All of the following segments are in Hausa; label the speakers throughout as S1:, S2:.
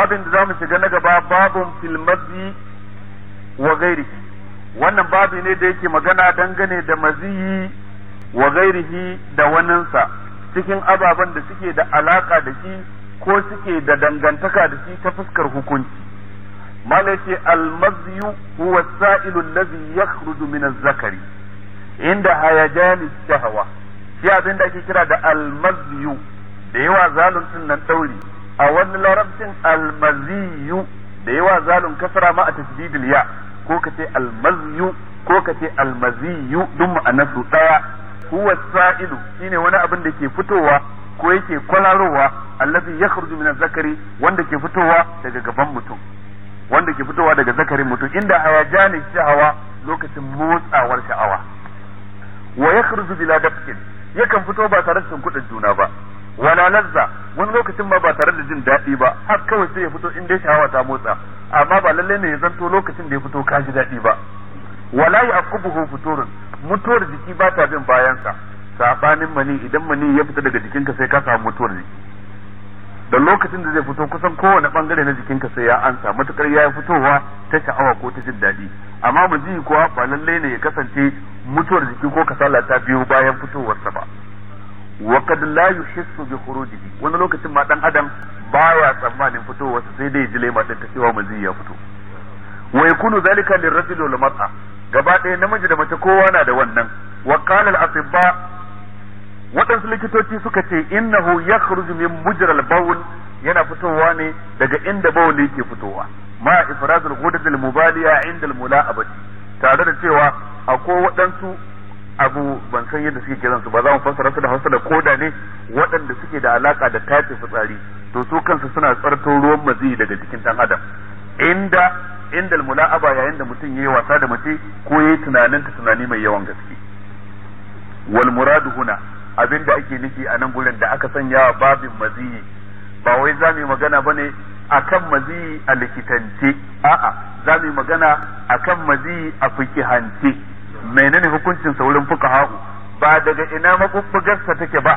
S1: babin da za mu shiga na gaba babun fil wa ghairihi wannan babi ne da yake magana dangane da maziyi wa ghairihi da waninsa cikin ababen da suke da alaka da shi ko suke da dangantaka da shi ta fuskar hukunci malace al-mazyu huwa sailu yakhruju min az-zakari inda hayajan shahwa shi abinda ake kira da al da yawa zalun din nan dauri a wani larabcin almaziyu da yawa zalun kasara ma a tasdidil ya ko ka almaziyu ko ka ce almaziyu duk su daya huwa sa'idu shine wani abin da ke fitowa ko yake kwalarowa allazi yakhruju min zakari wanda ke fitowa daga gaban mutum wanda ke fitowa daga zakarin mutum inda hayajani sha'awa lokacin motsawar sha'awa wa yakhruju bila dafkin yakan fito ba tare da kudin juna ba wala lazza wani lokacin ma ba tare da jin daɗi ba har kawai sai ya fito in dai shawa ta motsa amma ba lalle ne ya zanto lokacin da ya fito ka ji daɗi ba wala ya akubuhu futurun mutuwar jiki ba ta bin bayansa sabanin mani idan mani ya fita daga jikinka sai ka samu mutuwar jiki da lokacin da zai fito kusan kowane bangare na jikinka sai ya ansa matukar ya yi fitowa ta sha'awa ko ta jin daɗi amma mu ji kuwa ba lallai ne ya kasance mutuwar jiki ko kasala ta biyo bayan fitowarsa ba wa kad la yuhissu bi khurujihi wani lokacin ma dan adam baya tsammanin fitowarsa sai dai dilema din ta cewa mazi ya fito wa yakunu zalika lirrajuli wal mar'a gaba ɗaya namiji da mace kowa na da wannan wa qala al waɗansu likitoci suka ce innahu yakhruju min mujral bawl yana fitowa ne daga inda bawli ke fitowa ma ifrazul ghudud al mubaliya inda al mula'abati tare da cewa akwai waɗansu abu ban san yadda suke kiran su ba za mu fassara su da Hausa da koda ne waɗanda suke da alaka da tace fitsari to su kansu suna tsarto ruwan mazi daga jikin dan adam inda inda mula'aba yayin da mutum yayi wasa da mace ko yayi tunanin ta tunani mai yawan gaske wal muradu huna abinda ake nufi a nan gurin da aka sanya babin mazi ba wai za mu magana bane akan mazi a likitance a'a za mu magana akan mazi a fikihance menene hukuncin saurin fuka ba daga ina makubbugarsa take ba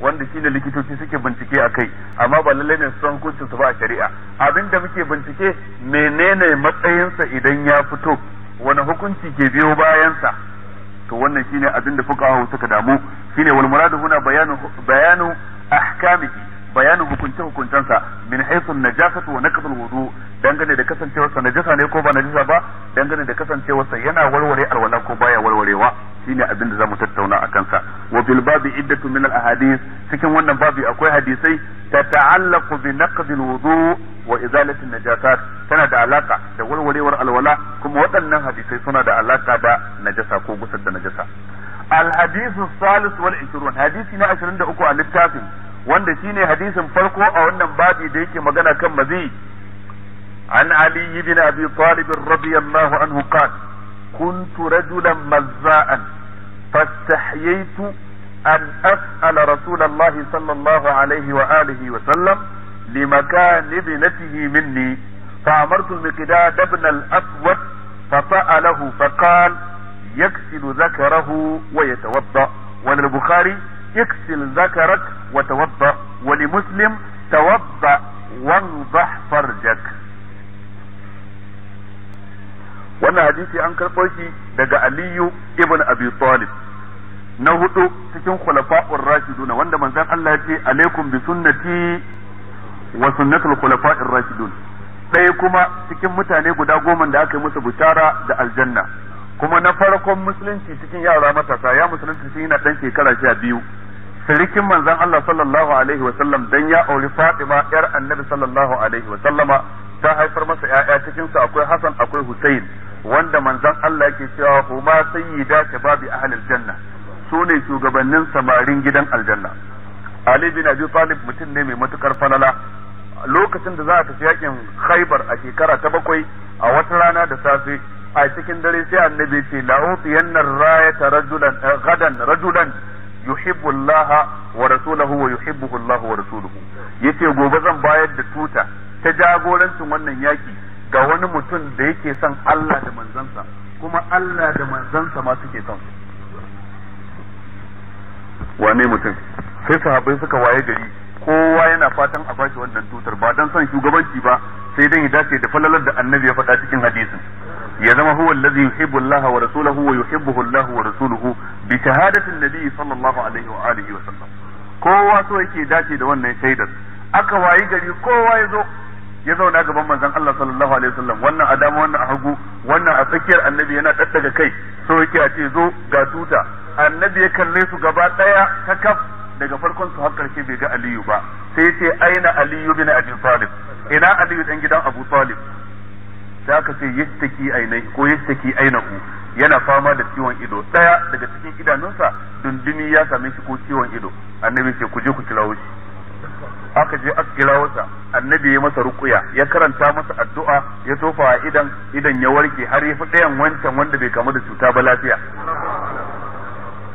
S1: wanda shi ne likitoci suke bincike a kai amma ba lallai ne son hukuncin su ba a shari'a abinda muke bincike menene matsayinsa idan ya fito wani hukunci ke biyo bayansa to wannan shine abinda fuka suka damu shine wal muradu huna bayanu bayanu ahkamihi bayanin hukunce hukuncensa min haythu najasatu wa naqdul wudu dangane da kasancewarsa najasa ne ko ba najasa ba dangane da kasancewarsa yana warware alwala ko baya warwarewa shine abin da zamu tattauna a kansa wa bil babi iddatu min al ahadith cikin wannan babi akwai hadisai tata'allaqu bi naqdil wudu wa izalati najasat tana da alaka da warwarewar alwala kuma waɗannan hadisai suna da alaka da najasa ko gusar da najasa الحديث الثالث والعشرون حديثنا عشرين دقوا على التافن wanda shine hadisin farko a wannan babi da yake magana kan mazi an ali ibn abi talib radiyallahu anhu qala kuntu rajulan mazza'an fastahyaytu an as'ala rasulullah sallallahu alaihi wa alihi wa sallam لمكان ابنته مني فأمرت المقداد ابن الأسود فسأله فقال يكسل ذكره ويتوضأ وللبخاري اغسل ذكرك وتوضا ولمسلم توضا وانضح فرجك wannan hadisi an karɓo shi daga Aliyu ibn Abi Talib na hudu cikin khulafa'ur rashiduna wanda manzon Allah ya ce alaikum bi sunnati wa sunnatul khulafa'ir rashidun ɗaya kuma cikin mutane guda goma da aka yi musu bishara da aljanna kuma na farkon musulunci cikin yara matasa ya musulunci cikin yana dan shekara sha biyu sirikin manzon Allah sallallahu alaihi wa sallam dan ya auri Fatima yar Annabi sallallahu alaihi wa sallama ta haifar masa ƴaƴa cikin su akwai Hassan akwai Hussein wanda manzan Allah yake cewa huma sayyida shababi ahli aljanna su ne shugabannin samarin gidan aljanna Ali bin Abi Talib mutum ne mai matukar falala lokacin da za a tafi yakin Khaibar a shekara ta bakwai a wata rana da safe a cikin dare sai annabi ce la'ufiyannar rayata rajulan eh, gadan rajulan yuhibbu Allah wa rasuluhu wa yuhibbuhu Allah wa rasuluhu yace gobe zan bayar da tuta ta jagorancin wannan yaki ga wani mutum da yake son Allah da manzansa kuma Allah da manzansa ma suke son wane mutum sai sahabbai suka waye gari kowa yana fatan a bashi wannan tutar ba dan son shugabanci ba sai dan ya dace da falalar da annabi ya faɗa cikin hadisin ya zama huwa allazi yuhibbu Allah wa rasuluhu wa yuhibbuhu Allah wa rasuluhu bi shahadatin nabi sallallahu alaihi wa alihi wa sallam kowa so yake dace da wannan shaidar aka wayi gari kowa ya zo ya zauna gaban manzon Allah sallallahu alaihi wa sallam, wannan a dama wannan a hagu wannan a tsakiyar annabi yana daddaga kai so yake a ce zo ga tuta annabi ya kalle su gaba daya ta kaf daga farkon su har karshe bai ga Aliyu ba sai ya ce aina Aliyu bin Abi Talib ina Aliyu dan gidan Abu Talib sai aka ce yashtaki ainai ko ainahu yana fama da ciwon ido daya daga cikin idanunsa dundumi ya same shi ko ciwon ido annabi ce ku je ku kirawo shi aka je aka kirawo sa annabi ya masa ruqya ya karanta masa addu'a ya tofa idan idan ya warke har ya fi dayan wancan wanda bai kamu da cuta ba lafiya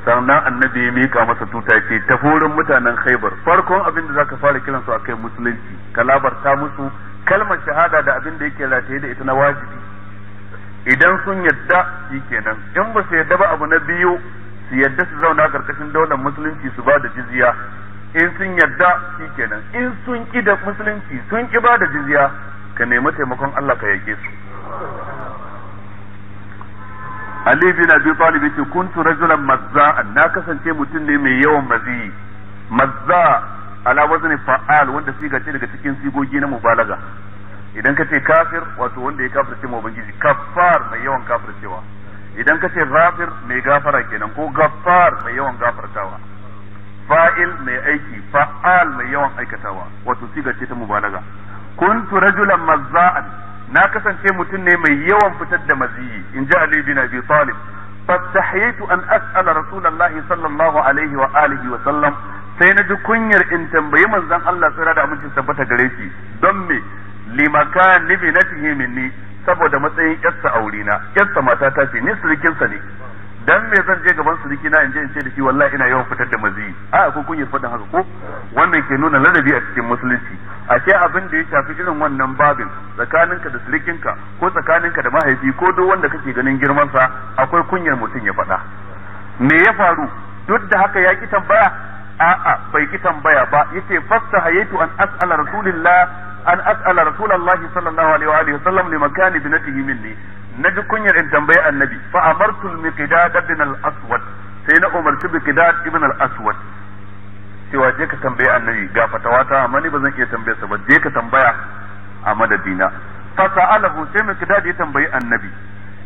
S1: sannan annabi ya mika masa tuta ce ta mutanen khaibar farkon abin da zaka fara kiransu akai musulunci ka labarta musu kalmar shahada da abin da yake rataye da ita na wajibi idan sun yadda shi kenan in ba su yadda ba abu na biyu su yadda su zauna karkashin daular musulunci su ba da jizya in sun yadda shi kenan in sun ki da musulunci sun ki ba da jizya ka nemi taimakon Allah ka yake su Ali bin Abi Talib yace kuntu rajulan mazza'an na kasance mutum ne mai yawan mazi mazza ala wazni fa'al wanda siga ce daga cikin sigogi na mubalaga idan ka ce kafir wato wanda ya kafirce ma ubangiji kafar mai yawan kafircewa idan ka ce rafir mai gafara kenan ko gafar mai yawan gafartawa fa'il mai aiki fa'al mai yawan aikatawa wato siga ce ta mubalaga kuntu rajulan mazza'an na kasance mutum ne mai yawan fitar da maziyi in ji Ali bin Abi Talib fastahiyitu an as'ala rasulullahi sallallahu alaihi wa alihi wa sallam sai na ji kunyar in tambayi manzon Allah tsira da amincin tabbata gare shi don me limaka nibi na fihi minni saboda matsayin yarsa na, yarsa mata ta ce ni surikinsa ne dan me zan je gaban suriki na in je in ce da shi wallahi ina yawan fitar da mazi a ko kunyar haka ko wannan ke nuna ladabi a cikin musulunci a ce abin da ya shafi irin wannan babin tsakaninka da surikinka ko tsakaninka da mahaifi ko duk wanda kake ganin girmansa akwai kunyar mutum ya faɗa me ya faru duk da haka ya ki tambaya a'a bai ki tambaya ba yace fasta hayatu an as'ala rasulillah an as'ala rasulullah sallallahu alaihi wa alihi wasallam li makani binatihi minni naji kunyar in tambayi annabi fa amartu al-miqdad ibn al-aswad sai na umarci miqdad ibn al-aswad cewa je ka tambayi annabi ga fatawa ta amma ni ba zan iya tambayar sa ba je ka tambaya a madadina fa sa'alahu sai miqdad ya tambayi annabi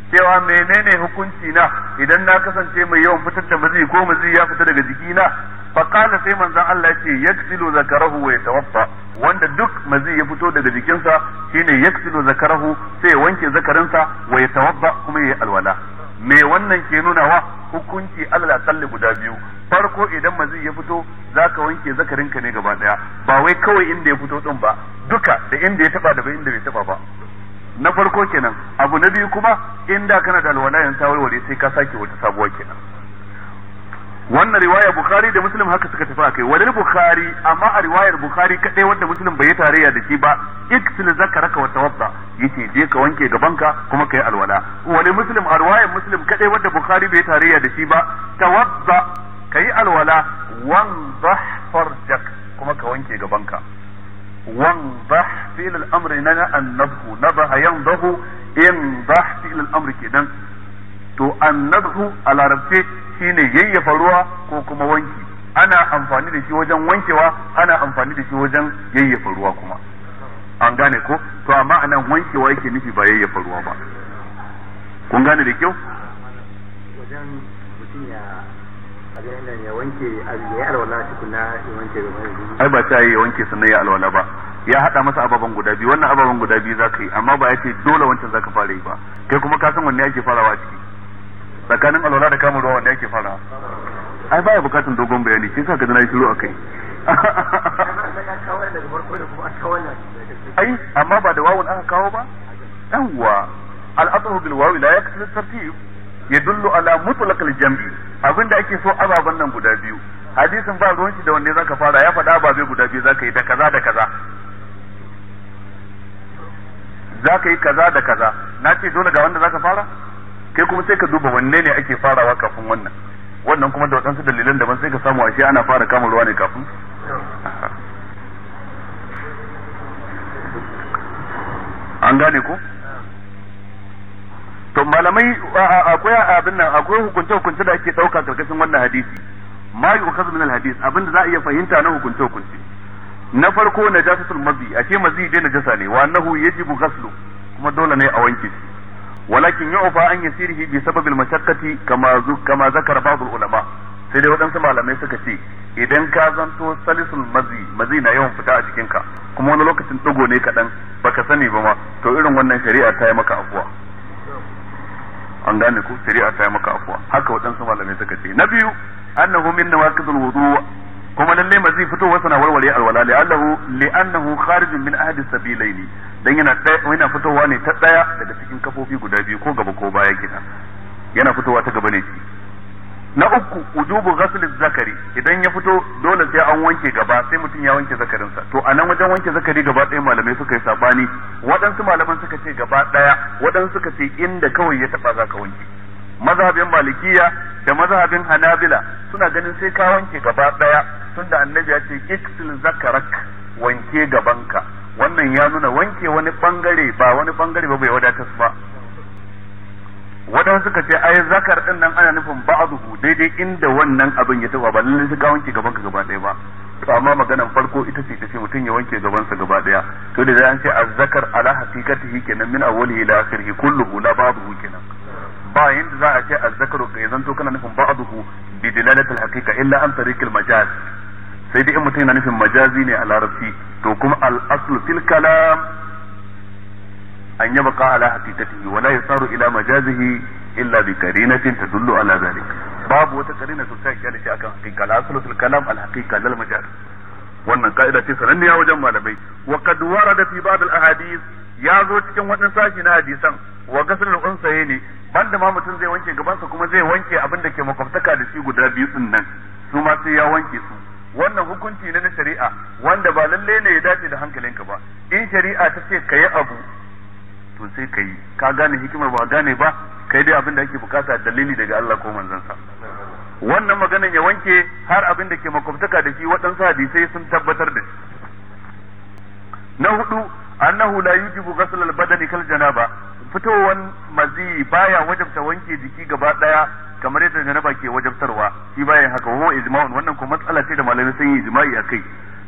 S1: cewa menene hukunci na idan na kasance mai yawan fitar da mazi ko mazi ya fita daga jikina faqala sai manzon Allah yake yaksilu zakarahu wa yatawaffa wanda duk mazi ya fito daga jikinsa shine yaksilu zakarahu sai wanke zakarinsa wa yatawaffa kuma yayi alwala me wannan ke nuna wa hukunci Allah kalli guda biyu farko idan mazi ya fito zaka wanke zakarinka ne gaba daya ba wai kawai inda ya fito din ba duka da inda ya taba da bai inda bai taba ba na farko kenan abu na biyu kuma inda kana da alwala yan ta sai ka sake wata sabuwa kenan wannan riwaya bukhari da muslim haka suka tafi akai wadar bukhari amma a riwayar bukhari kadai wanda muslim bai tarayya da shi ba iksil zakaraka wa tawadda yace je ka wanke gabanka kuma kai alwala wani muslim a riwayar muslim kadai wanda bukhari bai tarayya da shi ba tawadda kai alwala wandah farjak kuma ka wanke gabanka wandah fi'l al-amri nana an-nadhu nabaha yandahu in dah fi'l al-amri kenan to annabsu a larabce shine yayyafa ruwa ko kuma wanki ana amfani da shi wajen wankewa ana amfani da shi wajen yayyafa ruwa kuma an gane ko to amma anan wankewa yake nufi ba yayyafa ruwa ba kun gane da kyau wajen mutum ya ya wanke ya ya wanke ai ba ta yi wanke sannan ya alwala ba ya hada masa ababen guda biyu wannan ababen guda biyu ka yi amma ba ya ce dole wancan zaka fara yi ba kai kuma ka san wanne ake farawa ciki tsakanin alwala da kama ruwa wanda yake fara ai baya bukatun dogon bayani shi sa ka jira shiru akai ai amma ba da wawun aka kawo ba yawwa al'athu bil wawi la Sarki. tartib yadullu ala mutlaq al jam'i abinda ake so ababan nan guda biyu hadisin ba ruwan shi da wanne zaka fara ya faɗa ba zai guda biyu zaka yi da kaza da kaza zaka yi kaza da kaza na ce dole ga wanda zaka fara kai kuma sai ka duba wanne ne ake farawa kafin wannan wannan kuma da waɗansu dalilan daban sai ka samu ashe ana fara kama ruwa ne kafin an gane ko to malamai akwai abin nan akwai hukunce hukunce da ake dauka karkashin wannan hadisi ma yi min al-hadis abin da za a iya fahimta na hukunce hukunce na farko najasatul mazi ashe mazi dai najasa ne wa annahu yajibu ghaslu kuma dole ne a wanke shi walakin yu'fa an yasirihi bi sababil mashaqqati kama kama zakara ba'd ulama sai dai waɗansu malamai suka ce idan ka zanto salisul mazi mazi na yawan fita a jikinka kuma wani lokacin dogo ne kaɗan baka sani ba ma to irin wannan shari'a ta yi maka afuwa an gane ko shari'a ta yi maka afuwa haka waɗansu malamai suka ce na biyu annahu min nawaqidul wudu kuma lalle mazi fitowa sana warware alwala li'allahu li'annahu kharijun min ahadi sabilaini dan yana yana fitowa ne ta daya daga cikin kafofi guda biyu ko gaba ko baya kina yana fitowa ta gaba ne na uku wujubu ghasl zakari idan ya fito dole sai an wanke gaba sai mutum ya wanke zakarin sa to anan wajen wanke zakari gaba ɗaya malamai suka yi sabani waɗansu malaman suka ce gaba ɗaya waɗansu suka ce inda kawai ya taba zaka wanke mazhabin malikiya da mazhabin hanabila suna ganin sai ka wanke gaba daya tunda annabi ya ce iksil zakarak wanke gabanka wannan ya nuna wanke wani bangare ba wani bangare ba bai wadatar ba waɗansu suka ce ai zakar din nan ana nufin ba'dhu daidai inda wannan abin ya taba ba lallai sai ka wanke gabanka gaba daya ba to amma maganar farko ita ce tace mutum ya wanke gabansa gaba daya to da an ce zakar ala haqiqatihi kenan min awwalihi ila akhirih kulluhu la ba'dhu kenan باين ذا اشياء الذكر اذا انتم كنا نفهم بعضه بدلاله الحقيقه الا عن طريق المجاز سيدي ام نفهم مجازي ني على ربي توكم الاصل في الكلام ان يبقى على حقيقته ولا يصار الى مجازه الا بكرينه تدل على ذلك باب وتكرينه تساك يلي الحقيقة الاصل في الكلام الحقيقه لا المجاز wannan ka'ida ce sananne ya wajen malamai wa qad warada fi ba'd al ahadith ya zo cikin banda ma mutum zai wanke gabansa kuma zai wanke abin da ke makwabtaka da shi guda biyu din nan su ma sai ya wanke su wannan hukunci ne na shari'a wanda ba lalle ne ya dace da hankalinka ba in shari'a ta ce kayi abu to sai kayi ka gane hikimar ba gane ba kai dai abin da ake bukata dalili daga Allah ko manzansa wannan maganan ya wanke har abin da ke makwabtaka da shi waɗansu hadisai sun tabbatar da shi na hudu annahu la yujibu ghasl al-badani kal janaba fitowan mazi baya wajabta wanke jiki gaba daya kamar yadda janaba ke wajabtarwa shi bayan haka huwa ijma'un wannan kuma matsala ce da malamai sun yi ijma'i akai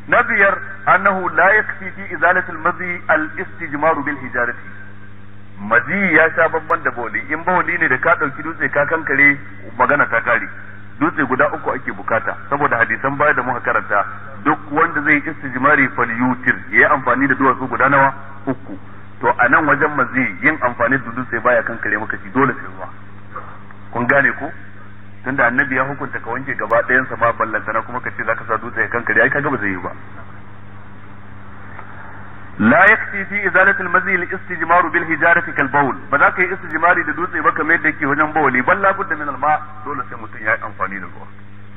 S1: na biyar annahu la yakfi fi izalati al-mazi al-istijmar bil hijarati mazi ya sha babban da boli in boli ne da ka dauki dutse ka kankare magana ta kare dutse guda uku ake bukata saboda hadisan baya da muka karanta duk wanda zai istijmari yutir yayi amfani da duwatsu guda nawa uku to a nan wajen mazi yin amfani da dutse baya kan kare maka shi dole sai ruwa kun gane ko tunda annabi ya hukunta ka wanke gaba ɗayan sa ma ballanta na kuma ka ce zaka sa dutse kan kare ai kaga ba zai yi ba la yakfi fi izalatil mazi li istijmaru bil hijarati kal bawl ba za ka yi istijmari da dutse ba kamar yadda yake wajen bawli bal la budda min al dole sai mutum ya yi amfani da ruwa